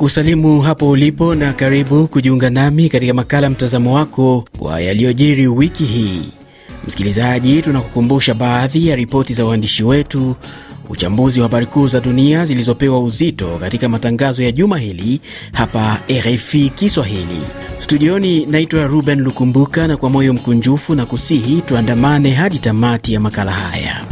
kusalimu hapo ulipo na karibu kujiunga nami katika makala mtazamo wako kwa yaliyojiri wiki hii. Msikilizaji, tunakukumbusha baadhi ya ripoti za uandishi wetu, uchambuzi wa habari kuu za dunia zilizopewa uzito katika matangazo ya juma hili hapa RFI Kiswahili. Studioni naitwa Ruben Lukumbuka, na kwa moyo mkunjufu na kusihi tuandamane hadi tamati ya makala haya.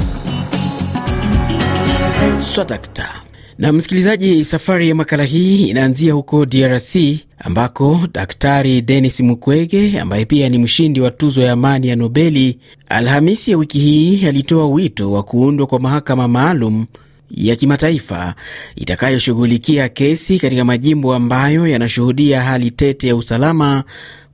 Swadakta. Na msikilizaji, safari ya makala hii inaanzia huko DRC ambako Daktari Denis Mukwege ambaye pia ni mshindi wa tuzo ya amani ya Nobeli, Alhamisi ya wiki hii alitoa wito wa kuundwa kwa mahakama maalum ya kimataifa itakayoshughulikia kesi katika majimbo ambayo yanashuhudia hali tete ya usalama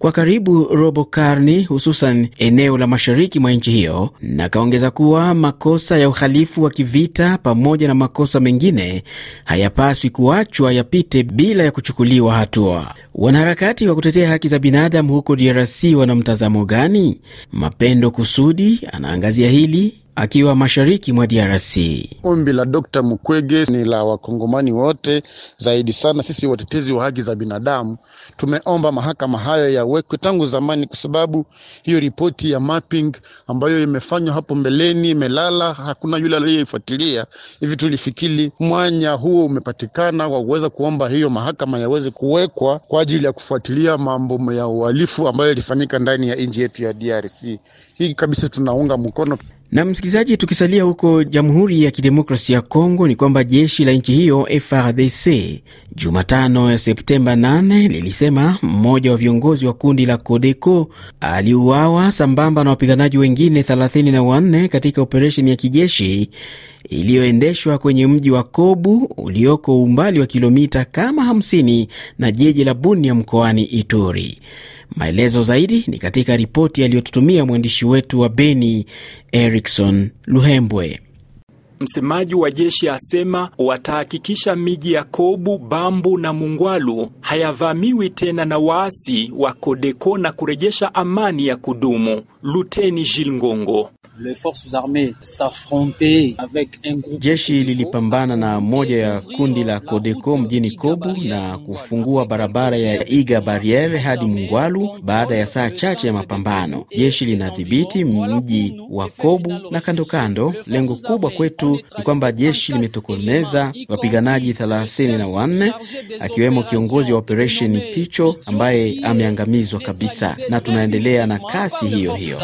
kwa karibu robo karni, hususan eneo la mashariki mwa nchi hiyo, na kaongeza kuwa makosa ya uhalifu wa kivita pamoja na makosa mengine hayapaswi kuachwa yapite bila ya kuchukuliwa hatua. Wanaharakati wa kutetea haki za binadamu huko DRC wana mtazamo gani? Mapendo Kusudi anaangazia hili akiwa mashariki mwa DRC. Ombi la Dr. Mukwege ni la wakongomani wote, zaidi sana sisi watetezi wa haki za binadamu tumeomba mahakama hayo yawekwe tangu zamani, kwa sababu hiyo ripoti ya mapping ambayo imefanywa hapo mbeleni imelala, hakuna yule aliyeifuatilia. Hivi tulifikiri mwanya huo umepatikana wa kuweza kuomba hiyo mahakama yaweze kuwekwa kwa ajili ya kufuatilia mambo ya uhalifu ambayo yalifanyika ndani ya nchi yetu ya DRC. Hii kabisa tunaunga mkono. Na msikilizaji, tukisalia huko Jamhuri ya Kidemokrasia ya Kongo ni kwamba jeshi la nchi hiyo FRDC Jumatano ya Septemba 8 lilisema mmoja wa viongozi wa kundi la Codeco aliuawa sambamba na wapiganaji wengine 34 katika operesheni ya kijeshi iliyoendeshwa kwenye mji wa Kobu ulioko umbali wa kilomita kama 50 na jiji la Bunia mkoani Ituri. Maelezo zaidi ni katika ripoti aliyotutumia mwandishi wetu wa Beni, Erikson Luhembwe. Msemaji wa jeshi asema watahakikisha miji ya Kobu, Bambu na Mungwalu hayavamiwi tena na waasi wa Kodeko na kurejesha amani ya kudumu. Luteni Jilngongo Jeshi lilipambana na moja ya kundi la Kodeko mjini Kobu na kufungua barabara ya Iga Barriere hadi Mungwalu. Baada ya saa chache ya mapambano, jeshi linadhibiti mji wa Kobu na kando kando. Lengo kubwa kwetu ni kwamba jeshi limetokomeza wapiganaji 34 akiwemo kiongozi wa operesheni Picho ambaye ameangamizwa kabisa, na tunaendelea na kasi hiyo hiyo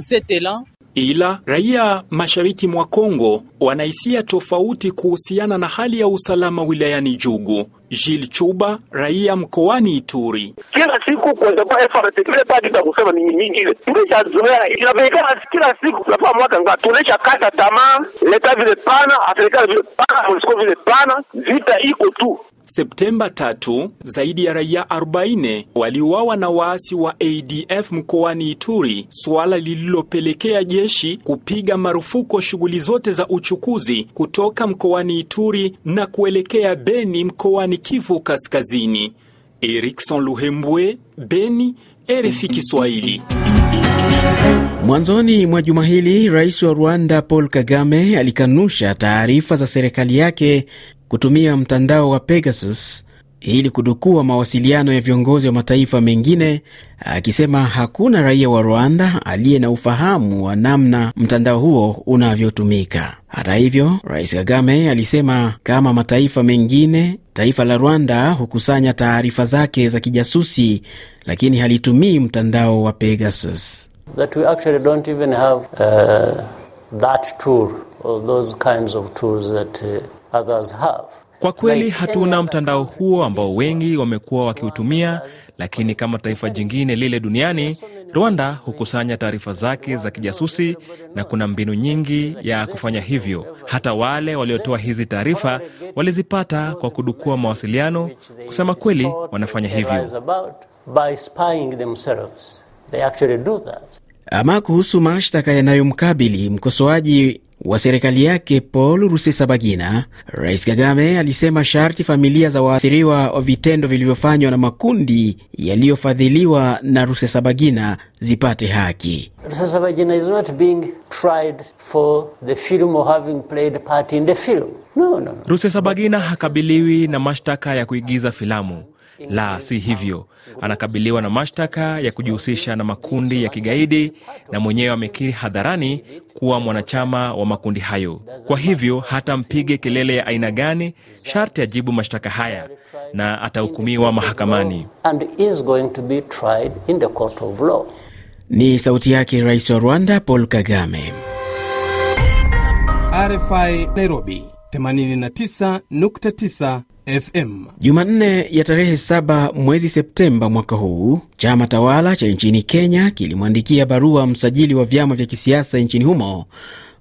dans cet élan. Ila raia mashariki mwa Kongo wanahisia tofauti kuhusiana na hali ya usalama wilayani Jugu. Jil Chuba, raia mkoani Ituri. Kila siku kuendelea FRDC ile kusema ni nyingi ile. Tunachozoea inaonekana kila siku tunafaa mwaka ngapi. Tunaisha kata tamaa, leta vile pana, Afrika vile pana, Moscow vile pana, vita iko tu. Septemba 3 zaidi ya raia 40 waliuawa na waasi wa ADF mkoani Ituri, suala lililopelekea jeshi kupiga marufuku shughuli zote za uchukuzi kutoka mkoani Ituri na kuelekea Beni mkoani Kivu Kaskazini. Erikson Luhembwe, Beni, RFI Kiswahili. Mwanzoni mwa juma hili, rais wa Rwanda Paul Kagame alikanusha taarifa za serikali yake kutumia mtandao wa Pegasus ili kudukua mawasiliano ya viongozi wa mataifa mengine, akisema hakuna raia wa Rwanda aliye na ufahamu wa namna mtandao huo unavyotumika. Hata hivyo, Rais Kagame alisema kama mataifa mengine, taifa la Rwanda hukusanya taarifa zake za kijasusi, lakini halitumii mtandao wa Pegasus. That we actually don't even have, uh, that tool, or those kinds of tools that, uh... Kwa kweli hatuna mtandao huo ambao wengi wamekuwa wakiutumia, lakini kama taifa jingine lile duniani, Rwanda hukusanya taarifa zake za kijasusi na kuna mbinu nyingi ya kufanya hivyo. Hata wale waliotoa hizi taarifa walizipata kwa kudukua mawasiliano. Kusema kweli, wanafanya hivyo. Ama kuhusu mashtaka yanayomkabili mkosoaji wa serikali yake Paul Rusesabagina, Rais Kagame alisema sharti familia za waathiriwa wa vitendo vilivyofanywa na makundi yaliyofadhiliwa na Rusesabagina zipate haki. Rusesabagina is not being tried for the film or having played part in the film. No, no, no. Rusesabagina hakabiliwi na mashtaka ya kuigiza filamu la si hivyo, anakabiliwa na mashtaka ya kujihusisha na makundi ya kigaidi na mwenyewe amekiri hadharani kuwa mwanachama wa makundi hayo. Kwa hivyo hata mpige kelele ya aina gani, sharti ajibu mashtaka haya na atahukumiwa mahakamani. Ni sauti yake Rais wa Rwanda Paul Kagame. RFI Nairobi 89.9 FM. Jumanne ya tarehe 7 mwezi Septemba mwaka huu, chama tawala cha nchini Kenya kilimwandikia barua msajili wa vyama vya kisiasa nchini humo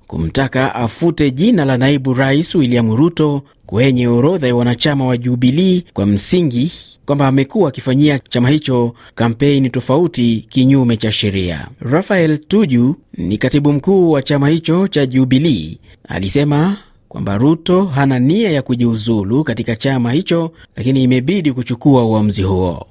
kumtaka afute jina la naibu rais William Ruto kwenye orodha ya wanachama wa Jubilii kwa msingi kwamba amekuwa akifanyia chama hicho kampeni tofauti kinyume cha sheria. Rafael Tuju ni katibu mkuu wa chama hicho cha Jubilii, alisema kwamba Ruto hana nia ya kujiuzulu katika chama hicho, lakini imebidi kuchukua uamuzi huo.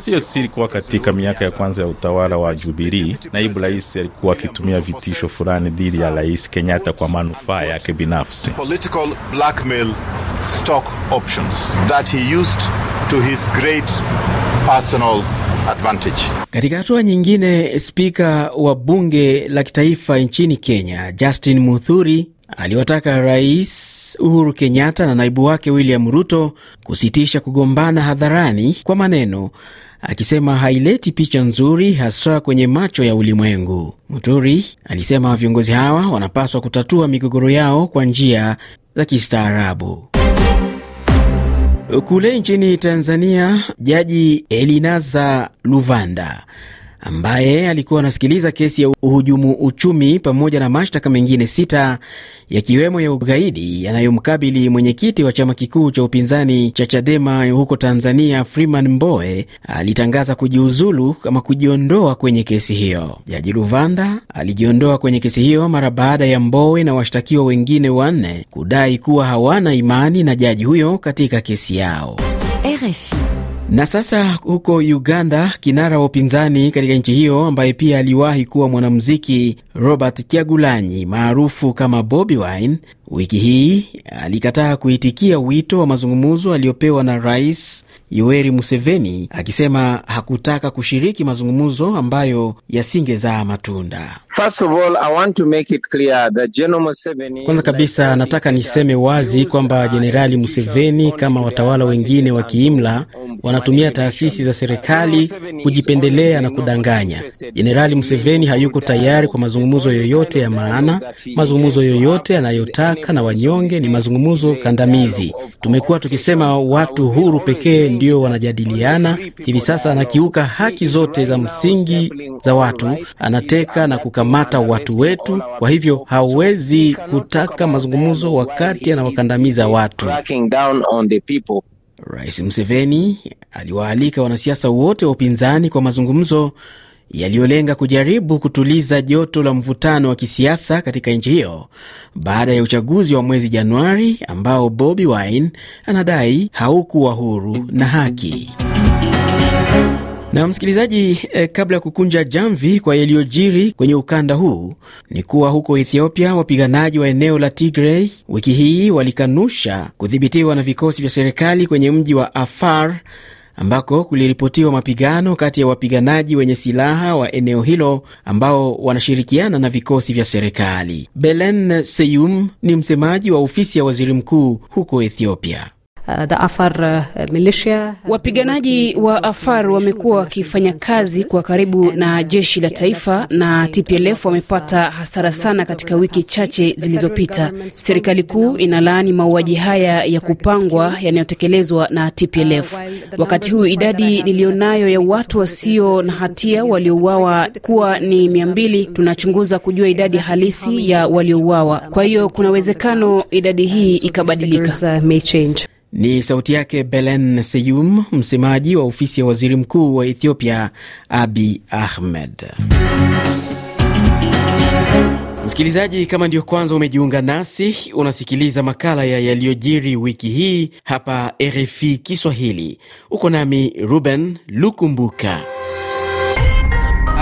Siyo siri kuwa katika miaka ya kwanza ya utawala wa Jubilii, naibu rais alikuwa akitumia vitisho fulani dhidi ya rais Kenyatta kwa manufaa yake binafsi. Stock options that he used to his great personal advantage. Katika hatua nyingine, spika wa bunge la kitaifa nchini Kenya Justin Muthuri aliwataka Rais Uhuru Kenyatta na naibu wake William Ruto kusitisha kugombana hadharani kwa maneno, akisema haileti picha nzuri haswa kwenye macho ya ulimwengu. Muturi alisema viongozi hawa wanapaswa kutatua migogoro yao kwa njia za kistaarabu. Kule nchini Tanzania, Jaji Elinaza Luvanda ambaye alikuwa anasikiliza kesi ya uhujumu uchumi pamoja na mashtaka mengine sita yakiwemo ya ugaidi yanayomkabili mwenyekiti wa chama kikuu cha upinzani cha Chadema huko Tanzania, Freeman Mbowe alitangaza kujiuzulu kama kujiondoa kwenye kesi hiyo. Jaji Luvanda alijiondoa kwenye kesi hiyo mara baada ya Mbowe na washtakiwa wengine wanne kudai kuwa hawana imani na jaji huyo katika kesi yao. RFI. Na sasa huko Uganda, kinara wa upinzani katika nchi hiyo ambaye pia aliwahi kuwa mwanamuziki Robert Kyagulanyi maarufu kama Bobi Wine, wiki hii alikataa kuitikia wito wa mazungumzo aliyopewa na Rais Yoweri Museveni, akisema hakutaka kushiriki mazungumzo ambayo yasingezaa matunda. Kwanza kabisa, nataka niseme wazi kwamba Jenerali Museveni kama watawala wengine wa kiimla wanatumia taasisi za serikali kujipendelea na kudanganya. Jenerali Museveni hayuko tayari kwa mazungumzo yoyote ya maana. Mazungumzo yoyote anayotaka na wanyonge ni mazungumzo kandamizi. Tumekuwa tukisema watu huru pekee ndio wanajadiliana. Hivi sasa anakiuka haki zote za msingi za watu, anateka na kukamata watu wetu. Kwa hivyo hawezi kutaka mazungumzo wakati anawakandamiza watu. Rais Museveni aliwaalika wanasiasa wote wa upinzani kwa mazungumzo yaliyolenga kujaribu kutuliza joto la mvutano wa kisiasa katika nchi hiyo baada ya uchaguzi wa mwezi Januari ambao Bobi Wine anadai haukuwa huru na haki. Na msikilizaji, eh, kabla ya kukunja jamvi kwa yaliyojiri kwenye ukanda huu ni kuwa huko Ethiopia wapiganaji wa eneo la Tigray wiki hii walikanusha kudhibitiwa na vikosi vya serikali kwenye mji wa Afar ambako kuliripotiwa mapigano kati ya wapiganaji wenye silaha wa eneo hilo ambao wanashirikiana na vikosi vya serikali. Belen Seyum ni msemaji wa ofisi ya waziri mkuu huko Ethiopia. Uh, the Afar, uh, militia wapiganaji wa Afar wamekuwa wakifanya kazi kwa karibu na uh, jeshi la taifa na TPLF wamepata hasara sana katika wiki chache zilizopita. Serikali kuu inalaani mauaji haya ya kupangwa yanayotekelezwa na TPLF. Wakati huu idadi niliyonayo ya watu wasio na hatia waliouawa kuwa ni mia mbili. Tunachunguza kujua idadi halisi ya waliouawa, kwa hiyo kuna uwezekano idadi hii ikabadilika. Ni sauti yake Belen Seyum, msemaji wa ofisi ya waziri mkuu wa Ethiopia Abi Ahmed. Msikilizaji, kama ndiyo kwanza umejiunga nasi, unasikiliza makala ya yaliyojiri wiki hii hapa RFI Kiswahili. Uko nami Ruben Lukumbuka.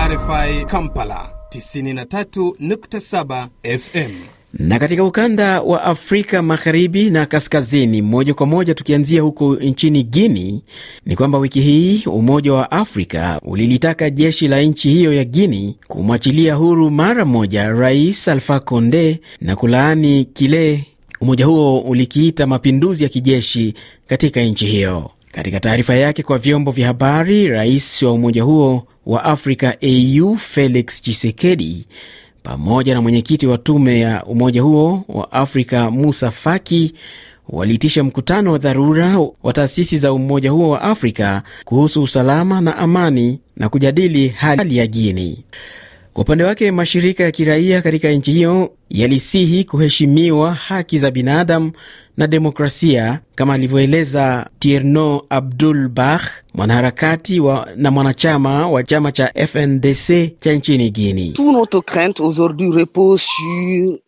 RFI Kampala 93.7 FM. Na katika ukanda wa Afrika magharibi na kaskazini, moja kwa moja tukianzia huko nchini Guini, ni kwamba wiki hii Umoja wa Afrika ulilitaka jeshi la nchi hiyo ya Guini kumwachilia huru mara moja Rais Alfa Conde na kulaani kile umoja huo ulikiita mapinduzi ya kijeshi katika nchi hiyo. Katika taarifa yake kwa vyombo vya habari, rais wa umoja huo wa Afrika AU Felix chisekedi pamoja na mwenyekiti wa tume ya umoja huo wa Afrika Musa Faki waliitisha mkutano wa dharura wa taasisi za umoja huo wa Afrika kuhusu usalama na amani na kujadili hali ya Guinea. Kwa upande wake, mashirika ya kiraia katika nchi hiyo yalisihi kuheshimiwa haki za binadamu na demokrasia, kama alivyoeleza Tierno Abdul Bah, mwanaharakati wa, na mwanachama wa chama cha FNDC cha nchini Guini.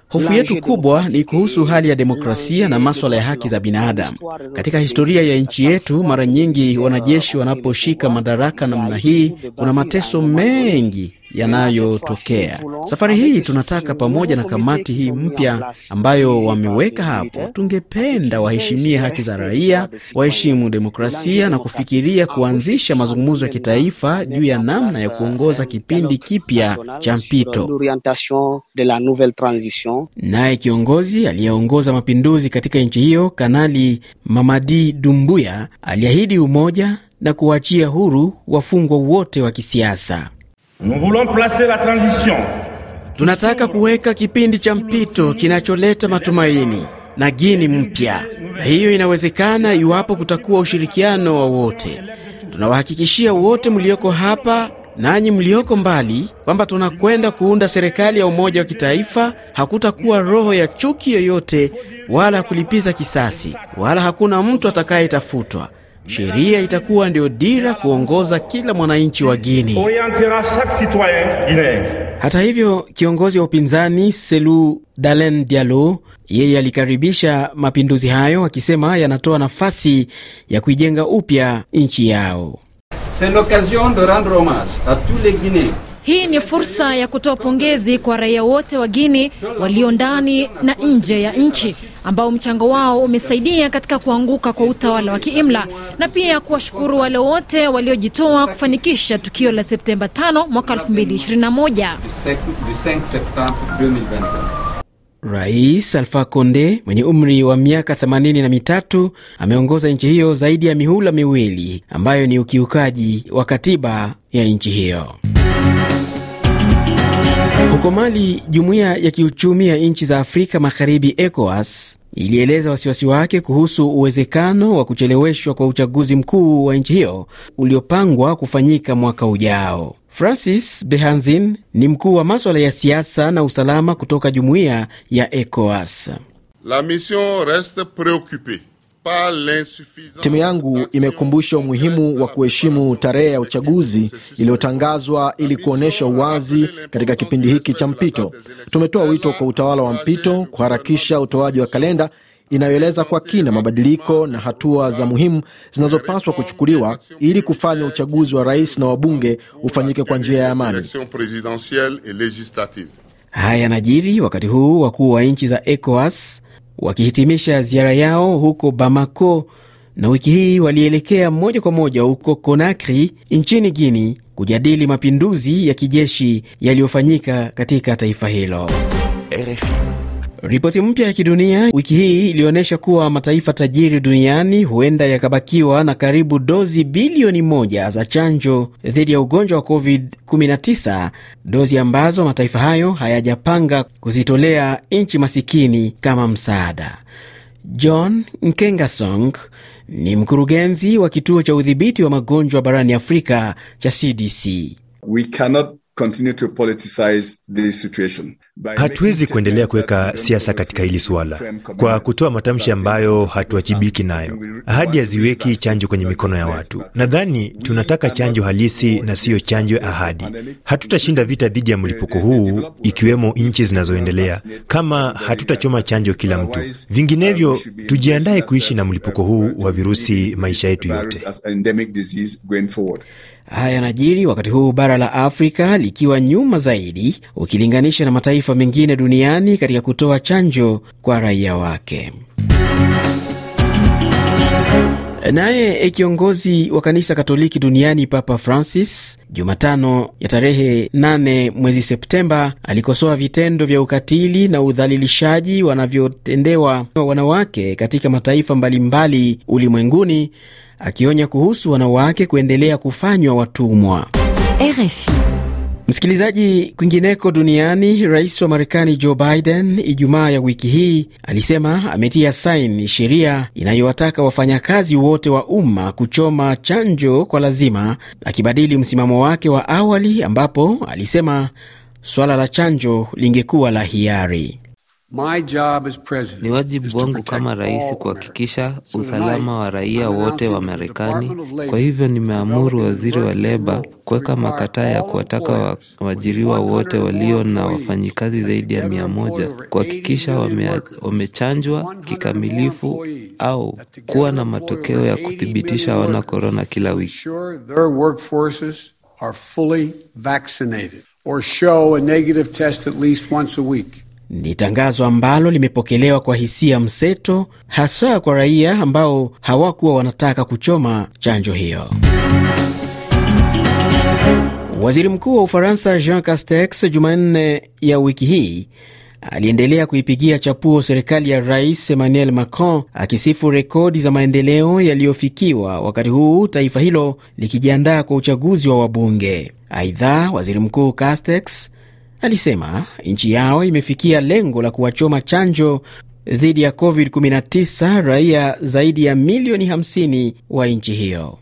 Hofu yetu kubwa ni kuhusu hali ya demokrasia na maswala ya haki za binadamu. Katika historia ya nchi yetu, mara nyingi wanajeshi wanaposhika madaraka namna hii, kuna mateso mengi yanayotokea. Safari hii tunataka pamoja na kamati hii mpya ambayo wameweka hapo, tungependa waheshimie haki za raia, waheshimu demokrasia na kufikiria kuanzisha mazungumzo ya kitaifa juu ya namna ya kuongoza kipindi kipya cha mpito. Naye kiongozi aliyeongoza mapinduzi katika nchi hiyo, Kanali Mamadi Dumbuya, aliahidi umoja na kuwachia huru wafungwa wote wa kisiasa. Tunataka kuweka kipindi cha mpito kinacholeta matumaini na Gini mpya, na hiyo inawezekana iwapo kutakuwa ushirikiano wa wote. Tunawahakikishia wote mlioko hapa nanyi mlioko mbali kwamba tunakwenda kuunda serikali ya umoja wa kitaifa. Hakutakuwa roho ya chuki yoyote wala kulipiza kisasi, wala hakuna mtu atakayetafutwa. Sheria itakuwa ndio dira kuongoza kila mwananchi wa Gini. Hata hivyo, kiongozi wa upinzani Selu Dalen Dialo yeye alikaribisha mapinduzi hayo akisema yanatoa nafasi ya kuijenga upya nchi yao. Hii ni fursa ya kutoa pongezi kwa raia wote wa Guini walio ndani na nje ya nchi ambao mchango wao umesaidia katika kuanguka kwa utawala wa kiimla na pia kuwashukuru wale wote waliojitoa kufanikisha tukio la Septemba 5 mwaka 2021. Rais Alfa Konde mwenye umri wa miaka 83 ameongoza nchi hiyo zaidi ya mihula miwili ambayo ni ukiukaji wa katiba ya nchi hiyo. Huko Mali, jumuiya ya kiuchumi ya nchi za Afrika Magharibi, ECOWAS, ilieleza wasiwasi wake kuhusu uwezekano wa kucheleweshwa kwa uchaguzi mkuu wa nchi hiyo uliopangwa kufanyika mwaka ujao. Francis Behanzin ni mkuu wa maswala ya siasa na usalama kutoka jumuiya ya ECOWAS. La mission reste preoccupee Timu yangu imekumbusha umuhimu wa kuheshimu tarehe ya uchaguzi iliyotangazwa ili kuonyesha uwazi katika kipindi hiki cha mpito. Tumetoa wito kwa utawala wa mpito kuharakisha utoaji wa kalenda inayoeleza kwa kina mabadiliko na hatua za muhimu zinazopaswa kuchukuliwa ili kufanya uchaguzi wa rais na wabunge ufanyike kwa njia ya amani. Haya yanajiri wakati huu wakuu wa nchi za ECOWAS wakihitimisha ziara yao huko Bamako, na wiki hii walielekea moja kwa moja huko Conakry nchini Guini kujadili mapinduzi ya kijeshi yaliyofanyika katika taifa hilo. RFI. Ripoti mpya ya kidunia wiki hii ilionyesha kuwa mataifa tajiri duniani huenda yakabakiwa na karibu dozi bilioni moja za chanjo dhidi ya ugonjwa wa COVID-19, dozi ambazo mataifa hayo hayajapanga kuzitolea nchi masikini kama msaada. John Nkengasong ni mkurugenzi wa kituo cha udhibiti wa magonjwa barani Afrika cha CDC. We cannot Hatuwezi kuendelea kuweka siasa katika hili suala kwa kutoa matamshi ambayo hatuajibiki nayo. Ahadi haziweki chanjo kwenye mikono ya watu. Nadhani tunataka chanjo halisi na siyo chanjo ya ahadi. Hatutashinda vita dhidi ya mlipuko huu, ikiwemo nchi zinazoendelea, kama hatutachoma chanjo kila mtu. Uh, vinginevyo, tujiandae kuishi na mlipuko huu wa virusi maisha yetu yote. Haya yanajiri wakati huu bara la Afrika likiwa nyuma zaidi ukilinganisha na mataifa mengine duniani katika kutoa chanjo kwa raia wake. Naye kiongozi wa kanisa Katoliki duniani Papa Francis Jumatano ya tarehe 8 mwezi Septemba alikosoa vitendo vya ukatili na udhalilishaji wanavyotendewa wanawake katika mataifa mbalimbali ulimwenguni akionya kuhusu wanawake kuendelea kufanywa watumwa. RFI. Msikilizaji, kwingineko duniani, rais wa Marekani Joe Biden Ijumaa ya wiki hii alisema ametia saini sheria inayowataka wafanyakazi wote wa umma kuchoma chanjo kwa lazima, akibadili msimamo wake wa awali ambapo alisema suala la chanjo lingekuwa la hiari. Ni wajibu wangu kama rais kuhakikisha usalama wa raia wote wa Marekani. Kwa hivyo nimeamuru waziri wa leba kuweka makataa ya kuwataka waajiriwa wote walio na wafanyikazi zaidi ya mia moja kuhakikisha wame, wamechanjwa kikamilifu au kuwa na matokeo ya kuthibitisha wana korona kila wiki ni tangazo ambalo limepokelewa kwa hisia mseto, haswa kwa raia ambao hawakuwa wanataka kuchoma chanjo hiyo. Waziri Mkuu wa Ufaransa Jean Castex Jumanne ya wiki hii aliendelea kuipigia chapuo serikali ya Rais Emmanuel Macron akisifu rekodi za maendeleo yaliyofikiwa, wakati huu taifa hilo likijiandaa kwa uchaguzi wa wabunge. Aidha, waziri mkuu Castex Alisema nchi yao imefikia lengo la kuwachoma chanjo dhidi ya COVID-19 raia zaidi ya milioni 50 wa nchi hiyo.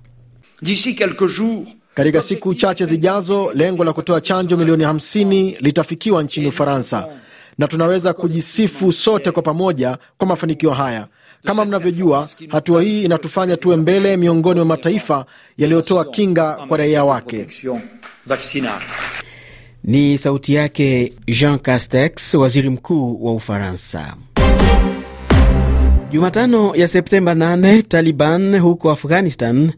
Katika siku chache zijazo, lengo la kutoa chanjo milioni 50 litafikiwa nchini Ufaransa, na tunaweza kujisifu sote kwa pamoja kwa mafanikio haya. Kama mnavyojua, hatua hii inatufanya tuwe mbele miongoni mwa mataifa yaliyotoa kinga kwa raia wake. Ni sauti yake Jean Castex, waziri mkuu wa Ufaransa. Jumatano ya Septemba 8 Taliban huko Afghanistan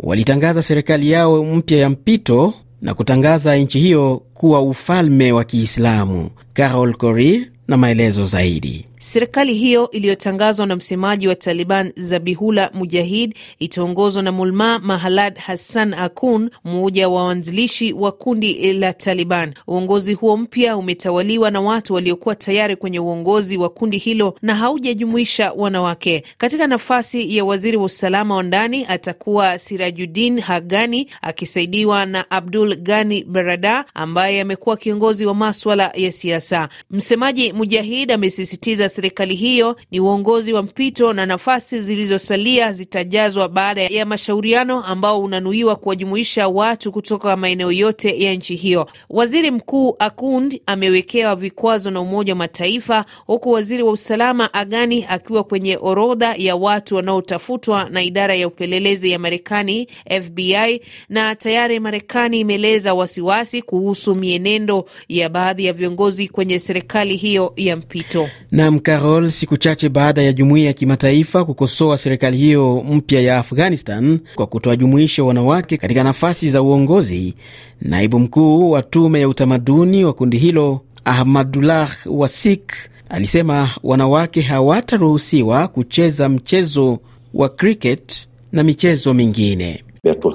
walitangaza serikali yao mpya ya mpito na kutangaza nchi hiyo kuwa ufalme wa Kiislamu. Carol Korir na maelezo zaidi. Serikali hiyo iliyotangazwa na msemaji wa Taliban Zabihullah Mujahid itaongozwa na Mulma Mahalad Hassan Akun, mmoja wa waanzilishi wa kundi la Taliban. Uongozi huo mpya umetawaliwa na watu waliokuwa tayari kwenye uongozi wa kundi hilo na haujajumuisha wanawake. Katika nafasi ya waziri wa usalama wa ndani atakuwa Sirajuddin Hagani akisaidiwa na Abdul Gani Barada ambaye amekuwa kiongozi wa maswala ya siasa. Msemaji Mujahid amesisitiza serikali hiyo ni uongozi wa mpito na nafasi zilizosalia zitajazwa baada ya mashauriano ambao unanuiwa kuwajumuisha watu kutoka maeneo yote ya nchi hiyo. Waziri Mkuu Akund amewekewa vikwazo na Umoja wa Mataifa, huku waziri wa usalama Agani akiwa kwenye orodha ya watu wanaotafutwa na idara ya upelelezi ya Marekani, FBI, na tayari Marekani imeeleza wasiwasi kuhusu mienendo ya baadhi ya viongozi kwenye serikali hiyo ya mpito. Naam. Carol siku chache baada ya jumuiya ya kimataifa kukosoa serikali hiyo mpya ya Afghanistan kwa kutowajumuisha wanawake katika nafasi za uongozi. Naibu mkuu wa tume ya utamaduni wa kundi hilo Ahmadullah Wasik alisema wanawake hawataruhusiwa kucheza mchezo wa cricket na michezo mingine. بیا ټول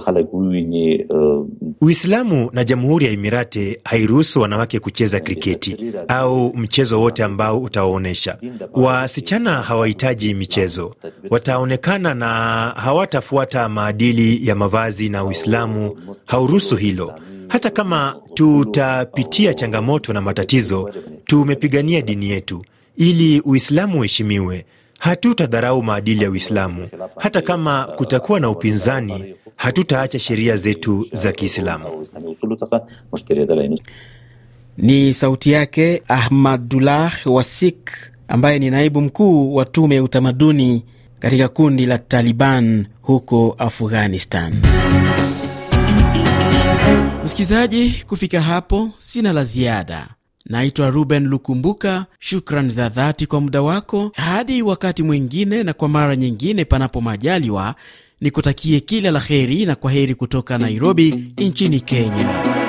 uh, Uislamu na Jamhuri ya Imirati hairuhusu wanawake kucheza yaani kriketi au mchezo wote ambao utawaonyesha. Wasichana hawahitaji michezo, wataonekana na hawatafuata maadili ya mavazi, na Uislamu oh, hauruhusu hilo. Hata kama tutapitia changamoto na matatizo, tumepigania dini yetu ili Uislamu uheshimiwe. Hatutadharau maadili ya Uislamu hata kama kutakuwa na upinzani hatutaacha sheria zetu za Kiislamu. Ni sauti yake Ahmadullah Wasik, ambaye ni naibu mkuu wa tume ya utamaduni katika kundi la Taliban huko Afghanistan. Msikilizaji, kufika hapo sina la ziada. Naitwa Ruben Lukumbuka. Shukran za dhati kwa muda wako. Hadi wakati mwingine, na kwa mara nyingine, panapo majaliwa. Nikutakie kila la heri na kwa heri kutoka Nairobi nchini Kenya.